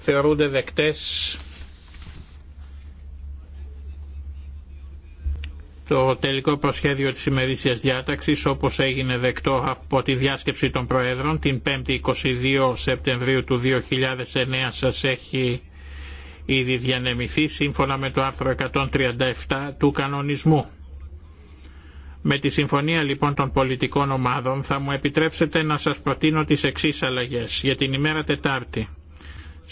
θεωρούνται δεκτές το τελικό προσχέδιο της ημερήσιας διάταξης όπως έγινε δεκτό από τη διάσκεψη των Προέδρων την 5η 22 Σεπτεμβρίου του 2009 σας έχει ήδη διανεμηθεί σύμφωνα με το άρθρο 137 του κανονισμού. Με τη συμφωνία λοιπόν των πολιτικών ομάδων θα μου επιτρέψετε να σας προτείνω τις εξής αλλαγές για την ημέρα Τετάρτη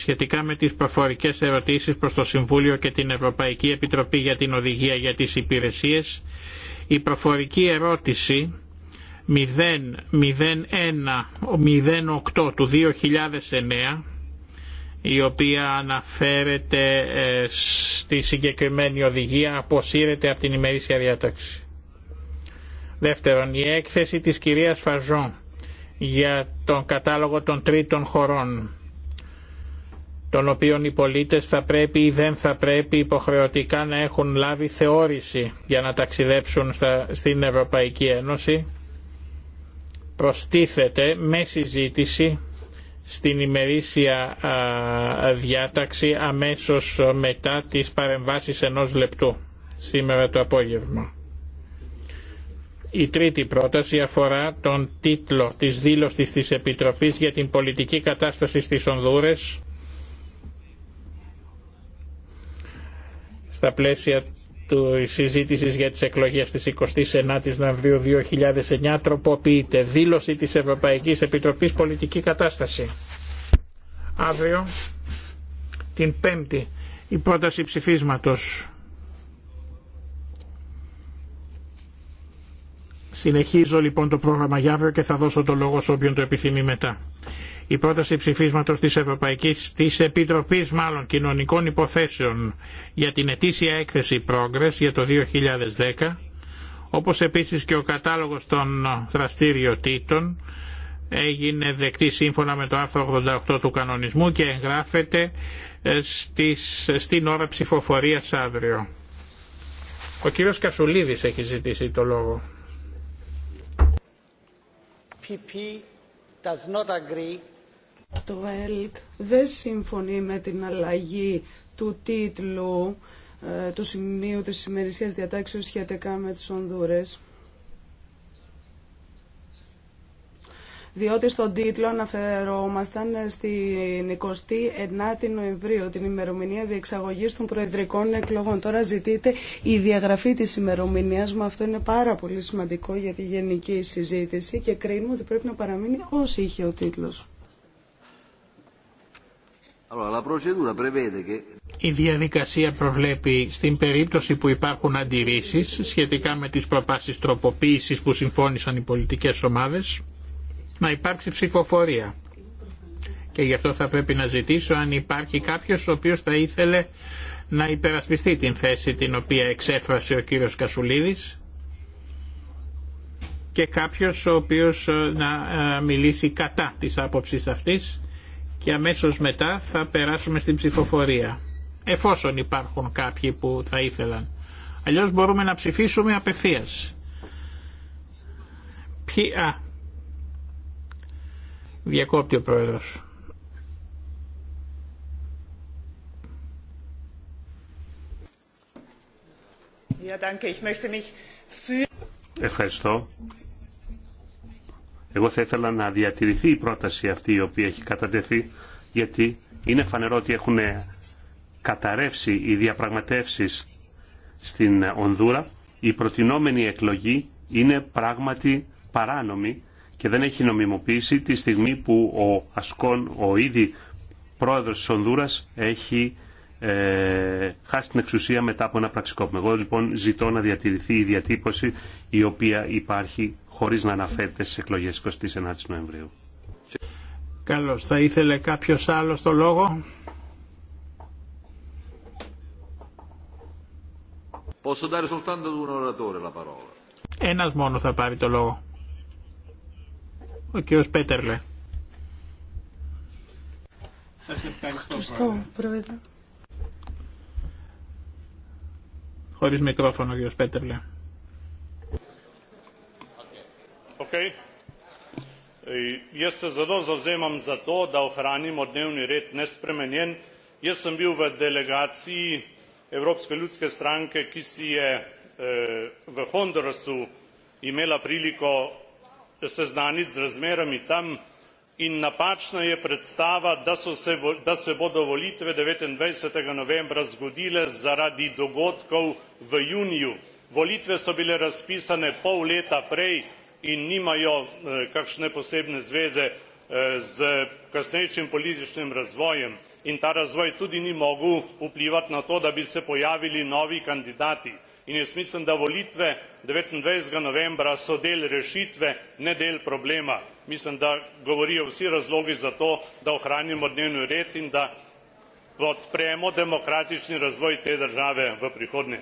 σχετικά με τις προφορικές ερωτήσεις προς το Συμβούλιο και την Ευρωπαϊκή Επιτροπή για την Οδηγία για τις Υπηρεσίες, η προφορική ερώτηση 001-08 του 2009 η οποία αναφέρεται ε, στη συγκεκριμένη οδηγία αποσύρεται από την ημερήσια διάταξη. Δεύτερον, η έκθεση της κυρίας Φαζόν για τον κατάλογο των τρίτων χωρών των οποίων οι πολίτες θα πρέπει ή δεν θα πρέπει υποχρεωτικά να έχουν λάβει θεώρηση για να ταξιδέψουν στην Ευρωπαϊκή Ένωση προστίθεται με συζήτηση στην ημερήσια διάταξη αμέσως μετά τις παρεμβάσεις ενός λεπτού σήμερα το απόγευμα. Η τρίτη πρόταση αφορά τον τίτλο της δήλωσης της Επιτροπής για την πολιτική κατάσταση στις Ονδούρες στα πλαίσια του συζήτησης για τις εκλογές της 29ης Νοεμβρίου 2009 τροποποιείται δήλωση της Ευρωπαϊκής Επιτροπής Πολιτική Κατάσταση. Αύριο, την Πέμπτη, η πρόταση ψηφίσματος. Συνεχίζω λοιπόν το πρόγραμμα για αύριο και θα δώσω το λόγο σε όποιον το επιθυμεί μετά. Η πρόταση ψηφίσματο της Ευρωπαϊκή τη Επιτροπή μάλλον Κοινωνικών Υποθέσεων για την ετήσια έκθεση Progress για το 2010, όπως επίσης και ο κατάλογος των δραστηριοτήτων, έγινε δεκτή σύμφωνα με το άρθρο 88 του κανονισμού και εγγράφεται ε, στις, στην ώρα ψηφοφορίας αύριο. Ο κύριος Κασουλίδης έχει ζητήσει το λόγο. PP does not agree το ΕΛΚ δεν συμφωνεί με την αλλαγή του τίτλου ε, του σημείου της ημερησίας διατάξεως σχετικά με τις Ονδούρες. διότι στον τίτλο αναφερόμασταν στην 29η Νοεμβρίου, την ημερομηνία διεξαγωγής των προεδρικών εκλογών. Τώρα ζητείται η διαγραφή της ημερομηνίας μου. Αυτό είναι πάρα πολύ σημαντικό για τη γενική συζήτηση και κρίνουμε ότι πρέπει να παραμείνει όσοι είχε ο τίτλος. Η διαδικασία προβλέπει στην περίπτωση που υπάρχουν αντιρρήσει σχετικά με τι προπάσεις τροποποίηση που συμφώνησαν οι πολιτικέ ομάδε να υπάρξει ψηφοφορία. Και γι' αυτό θα πρέπει να ζητήσω αν υπάρχει κάποιος ο οποίος θα ήθελε να υπερασπιστεί την θέση την οποία εξέφρασε ο κύριος Κασουλίδης και κάποιος ο οποίος ε, να ε, μιλήσει κατά της άποψης αυτής και αμέσως μετά θα περάσουμε στην ψηφοφορία. Εφόσον υπάρχουν κάποιοι που θα ήθελαν. Αλλιώς μπορούμε να ψηφίσουμε απευθείας. Ποια; Α, διακόπτει ο Πρόεδρος. Ευχαριστώ. Εγώ θα ήθελα να διατηρηθεί η πρόταση αυτή η οποία έχει κατατεθεί γιατί είναι φανερό ότι έχουν καταρρεύσει οι διαπραγματεύσεις στην Ονδούρα. Η προτινόμενη εκλογή είναι πράγματι παράνομη και δεν έχει νομιμοποίηση τη στιγμή που ο Ασκόν, ο ήδη πρόεδρος της Ονδούρας, έχει ε, χάσει την εξουσία μετά από ένα πραξικόπημα. Εγώ λοιπόν ζητώ να διατηρηθεί η διατύπωση η οποία υπάρχει χωρίς να αναφέρεται στις εκλογές 29 Νοεμβρίου. Καλώς. Θα ήθελε κάποιος άλλος το λόγο. Ένας μόνο θα πάρει το λόγο. Ο κύριος Πέτερλε. Σας ευχαριστώ, Ευχαριστώ πρόεδρε. Χωρίς μικρόφωνο, κύριος Πέτερλε. Okay. Jaz se zelo zavzemam za to, da ohranimo dnevni red nespremenjen. Jaz sem bil v delegaciji Evropske ljudske stranke, ki si je v Hondurasu imela priliko seznaniti z razmerami tam in napačna je predstava da se bodo volitve devetindvajset novembra zgodile zaradi dogodkov v juniju. volitve so bile razpisane pol leta prej in nimajo kakšne posebne zveze s kasnejšim političnim razvojem in ta razvoj tudi ni mogel vplivati na to da bi se pojavili novi kandidati in jaz mislim da volitve devetindvajset novembra so del rešitve ne del problema. mislim da govorijo vsi razlogi za to da ohranimo dnevni red in da podpremo demokratični razvoj te države v prihodnje.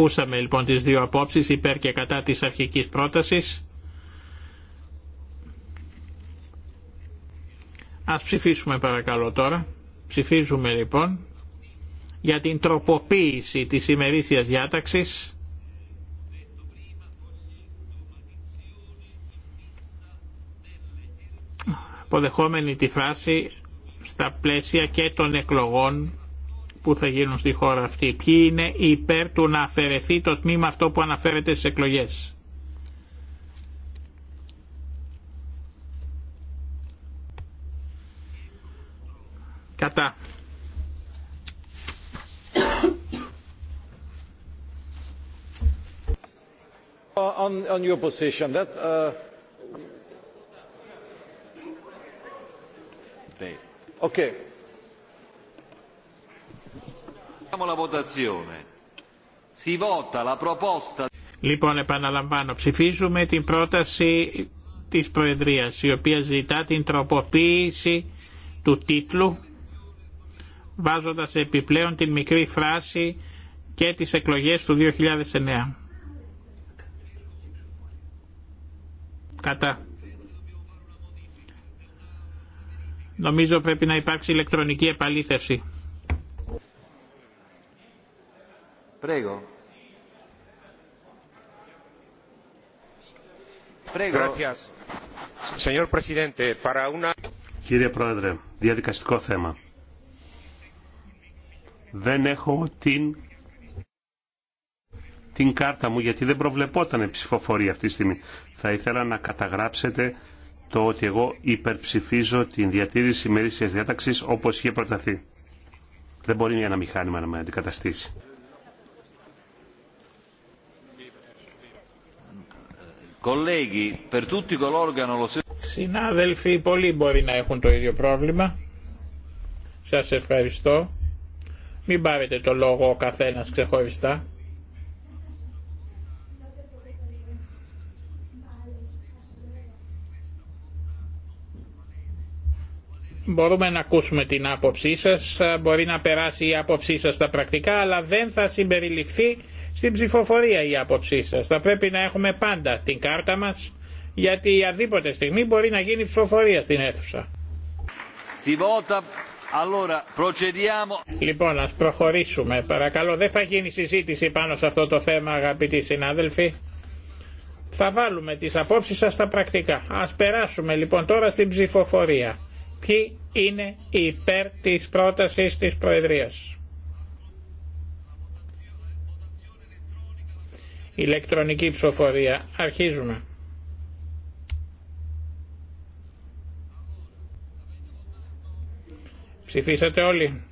Ακούσαμε λοιπόν τις δύο απόψεις υπέρ και κατά της αρχικής πρότασης. Ας ψηφίσουμε παρακαλώ τώρα. Ψηφίζουμε λοιπόν για την τροποποίηση της ημερήσιας διάταξης αποδεχόμενη τη φράση στα πλαίσια και των εκλογών που θα γίνουν στη χώρα αυτή. Ποιοι είναι υπέρ του να αφαιρεθεί το τμήμα αυτό που αναφέρεται στις εκλογές. Κατά. On, on your position, that, uh, okay. Λοιπόν, επαναλαμβάνω, ψηφίζουμε την πρόταση της Προεδρίας, η οποία ζητά την τροποποίηση του τίτλου, βάζοντας επιπλέον την μικρή φράση και τις εκλογές του 2009. Κατά. Νομίζω πρέπει να υπάρξει ηλεκτρονική επαλήθευση. Κύριε Πρόεδρε, διαδικαστικό θέμα. Δεν έχω την, κάρτα μου γιατί δεν προβλεπόταν ψηφοφορία αυτή τη στιγμή. Θα ήθελα να καταγράψετε το ότι εγώ υπερψηφίζω την διατήρηση ημερήσιας διάταξης όπως είχε προταθεί. Δεν μπορεί ένα μηχάνημα να με αντικαταστήσει. Συνάδελφοι, πολλοί μπορεί να έχουν το ίδιο πρόβλημα. Σας ευχαριστώ. Μην πάρετε το λόγο ο καθένας ξεχωριστά. μπορούμε να ακούσουμε την άποψή σας, μπορεί να περάσει η άποψή σας στα πρακτικά, αλλά δεν θα συμπεριληφθεί στην ψηφοφορία η άποψή σας. Θα πρέπει να έχουμε πάντα την κάρτα μας, γιατί η αδίποτε στιγμή μπορεί να γίνει ψηφοφορία στην αίθουσα. Λοιπόν, ας προχωρήσουμε. Παρακαλώ, δεν θα γίνει συζήτηση πάνω σε αυτό το θέμα, αγαπητοί συνάδελφοι. Θα βάλουμε τις απόψεις σας στα πρακτικά. Ας περάσουμε λοιπόν τώρα στην ψηφοφορία. Ποιοι είναι υπέρ της πρότασης της Προεδρίας. Ηλεκτρονική ψηφοφορία. Αρχίζουμε. Ψηφίσατε όλοι.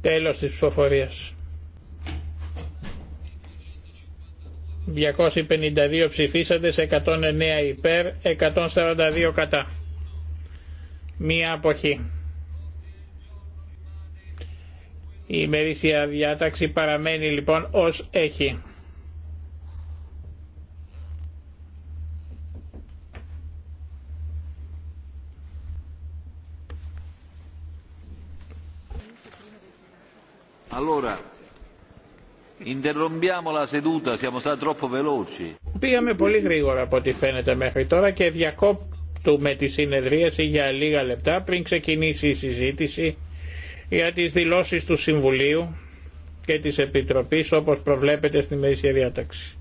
Τέλος της ψηφοφορίας. 252 ψηφίσαντες, 109 υπέρ, 142 κατά. Μία αποχή. Η ημερήσια διάταξη παραμένει λοιπόν ως έχει. Allora, Πήγαμε πολύ γρήγορα από ό,τι φαίνεται μέχρι τώρα και διακόπτουμε τη συνεδρίαση για λίγα λεπτά πριν ξεκινήσει η συζήτηση για τις δηλώσεις του Συμβουλίου και της Επιτροπής όπως προβλέπεται στη Μέση Διάταξη.